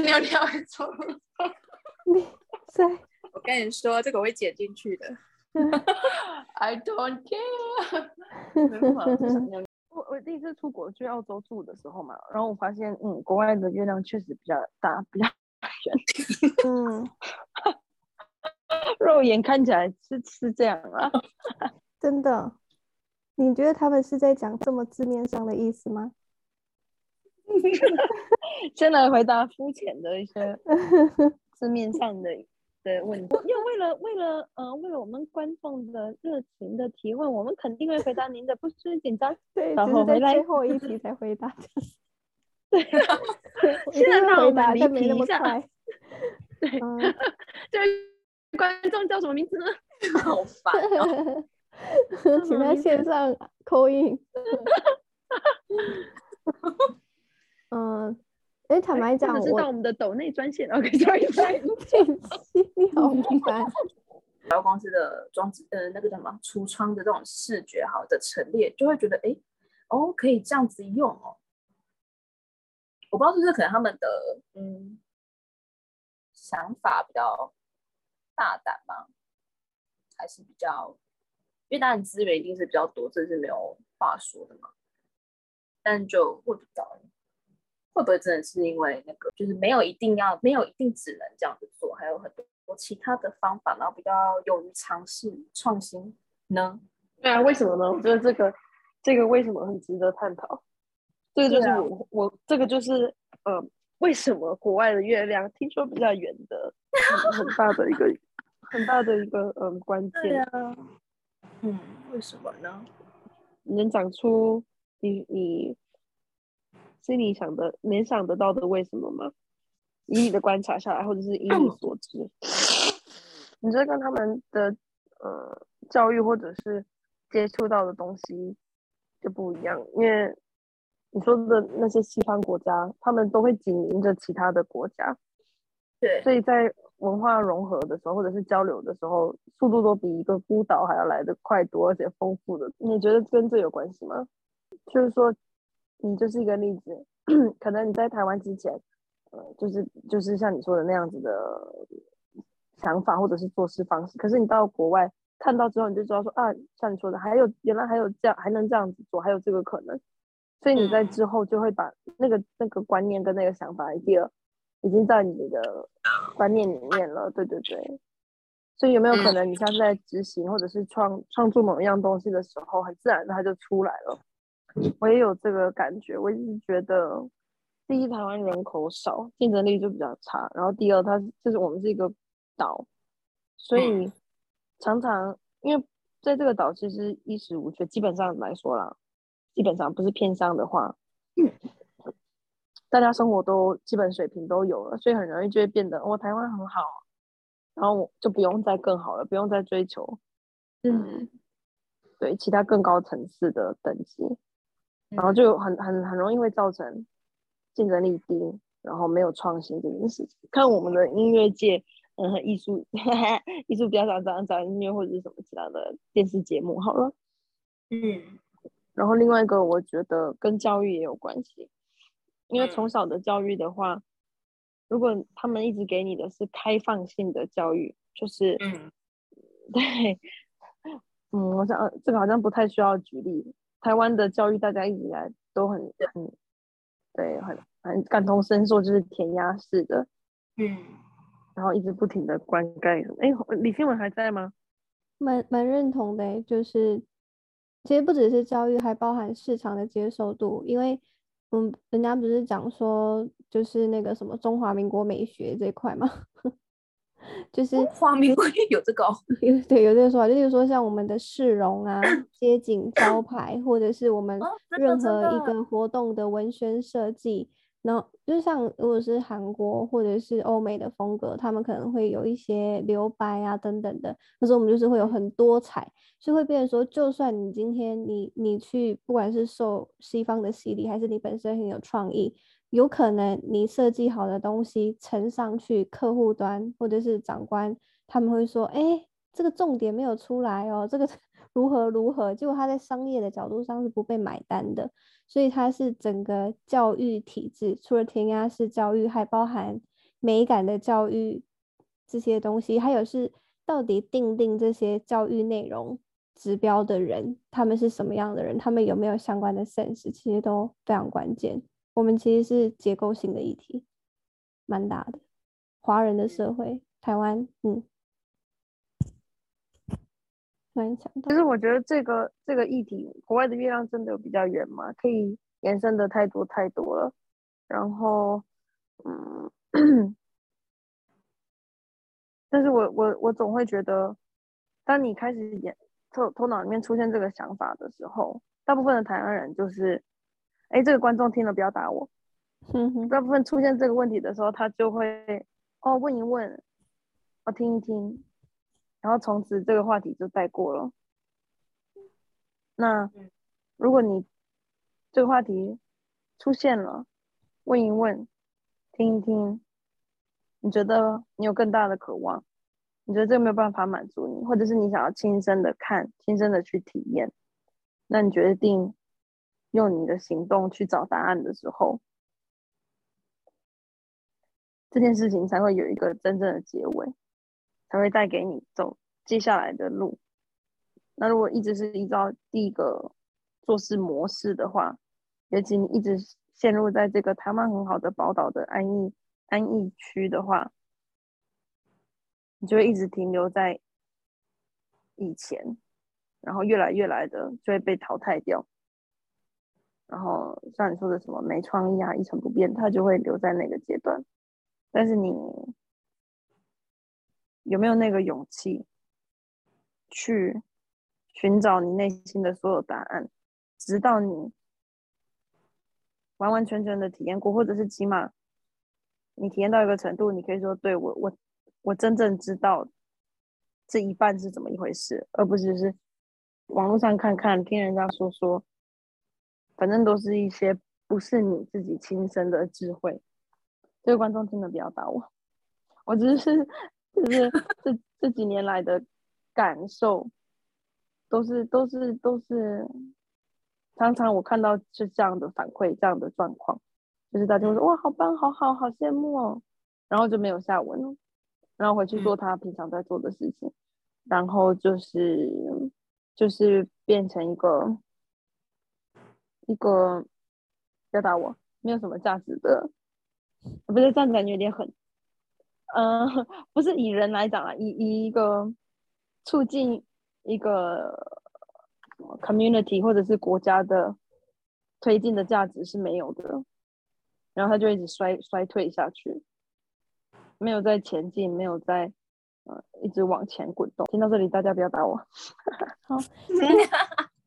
尿尿的床，你在？我跟你說，這個我會剪進去的。 I don't care 我。我我第一次出國去澳洲住的時候嘛，然後我發現，嗯，國外的月亮確實比較大，比較圓。 嗯， 肉眼看起來是是這樣啊。 真的？你覺得他們是在講這麼字面上的意思嗎？ 先來回答膚淺的一些字面上的的問題。因 為了為了呃，為了我們觀眾的熱情的提問，我們肯定會回答您的，不是緊張。對，然後回來只是在最後一題才回答。 對，答現在回答的沒那麼快。 對，就是觀眾叫什麼名字呢？ 好煩、啊， 請在線上 call in。 嗯，哎，坦白講，是到誒我們的抖內專線，然後可以叫一些編輯，okay, sorry, 然後公司的裝置，呃，那個什麼？櫥窗的這種視覺，好的陳列，就會覺得，哎，哦，可以這樣子用哦。我不知道是不是可能他們的，嗯，想法比較大膽吧，還是比較，因為當然資源一定是比較多，這是沒有話說的嘛。但就我不知道。會不會真的是因為那個，就是沒有一定要，沒有一定只能這樣子做，還有很多其他的方法，然後比較勇於嘗試創新呢？對啊，為什麼呢？我覺得這個，這個為什麼很值得探討。這個就是我，啊、我這個就是，呃，為什麼國外的月亮聽說比較圓的，很大的一個， 很大的一個，嗯，關鍵。啊、嗯，為什麼呢？你能講出你你。心裡想的、能想得到的，為什麼嗎？以你的觀察下來，或者是以你所知，嗯、你覺得跟他們的呃教育，或者是接觸到的東西就不一樣？因為你說的那些西方國家，他們都會緊鄰着其他的國家，對，所以在文化融合的時候，或者是交流的時候，速度都比一個孤島還要來得快多，而且豐富的。你覺得跟這有關係嗎？就是說。你就是一個例子，可能你在台灣之前，呃，就是就是像你說的那樣子的想法或者是做事方式，可是你到國外看到之後，你就知道說啊，像你說的，還有原來還有這樣，還能這樣子做，還有這個可能，所以你在之後就會把那個那個觀念跟那個想法，idea 已經在你的觀念裡面了，對對對，所以有沒有可能你像是在執行或者是創創作某一樣東西的時候，很自然的它就出來了？我也有這個感覺，我一是覺得，第一，台灣人口少，競爭力就比較差；然後第二，它就是我們是一個島，所以常常因為在這個島其實衣食無缺，基本上來說啦，基本上不是偏向的話，大家生活都基本水平都有了，所以很容易就會變得我、哦、台灣很好，然後就不用再更好了，不用再追求，嗯，嗯，對其他更高層次的等級。然後就很很很容易會造成競爭力低，然後沒有創新這件事情。看我們的音樂界，嗯，藝術呵呵藝術比較長長長音樂或者是什麼其他的電視節目好了。嗯，然後另外一個我覺得跟教育也有關係，因為從小的教育的話，如果他們一直給你的是開放性的教育，就是嗯，對，嗯，我想這個好像不太需要舉例。台灣的教育，大家一直以來都很很對，很很感同身受，就是填鴨式的，嗯，然後一直不停的灌溉。哎、欸，李新文還在嗎？蠻蠻認同的、欸，就是其實不只是教育，還包含市場的接受度，因為嗯，人家不是講說就是那個什麼中華民國美學這一塊嘛。就是畫面會有這個，對，有這個說法。就，就是說，像我們的市容啊、街景招牌，或者是我們任何一個活動的文宣設計，然後就是像如果是韓國或者是歐美的風格，他們可能會有一些留白啊等等的。可是我們就是會有很多彩，所以會變成說，就算你今天你你去，不管是受西方的洗禮，還是你本身很有創意。有可能你設計好的東西呈上去，客戶端或者是長官他們會說：“哎、欸，這個重點沒有出來哦，這個如何如何。”結果他在商業的角度上是不被買單的。所以它是整個教育體制，除了填鴨式教育，還包含美感的教育這些東西。還有是到底訂定這些教育內容指標的人，他們是什麼樣的人？他們有沒有相關的 sense？其實都非常關鍵。我們其實是結構性的議題，蠻大的，華人的社會，嗯、台灣，嗯，蠻強。其實我覺得這個這個議題，國外的月亮真的有比較圓嗎？可以延伸的太多太多了。然後，嗯， 但是我我我總會覺得，當你開始眼頭頭腦裡面出現這個想法的時候，大部分的台灣人就是。哎，這個觀眾聽了不要打我呵呵。大部分出現這個問題的時候，他就會哦問一問，哦聽一聽，然後從此這個話題就帶過了。那如果你這個話題出現了，問一問，聽一聽，你覺得你有更大的渴望，你覺得這個沒有辦法滿足你，或者是你想要親身的看，親身的去體驗，那你決定。用你的行動去找答案的時候，這件事情才會有一個真正的結尾，才會帶給你走接下來的路。那如果一直是依照第一個做事模式的話，尤其你一直陷入在這個台灣很好的寶島的安逸安逸區的話，你就會一直停留在以前，然後越來越來的就會被淘汰掉。然後像你說的什麼沒創意啊，一成不變，他就會留在那個階段。但是你有沒有那個勇氣去尋找你內心的所有答案，直到你完完全全的體驗過，或者是起碼你體驗到一個程度，你可以說，對，我我我真正知道這一半是怎麼一回事，而不是是網絡上看看、聽人家說說。反正都是一些不是你自己親身的智慧，這個觀眾真的不要打我，我只是就是這 這幾年來的感受，都是都是都是，常常我看到是這樣的反饋，這樣的狀況，就是大家會說哇好棒，好好好羨慕哦，然後就沒有下文了，然後回去做他平常在做的事情，嗯、然後就是就是變成一個。一個，不要打我，沒有什麼價值的，不是這樣子感覺有點狠。嗯，不是以人來講啊，以以一個促進一個 community 或者是國家的推進的價值是沒有的，然後他就一直衰衰退下去，沒有在前進，沒有在呃一直往前滾動。聽到這裡，大家不要打我，好。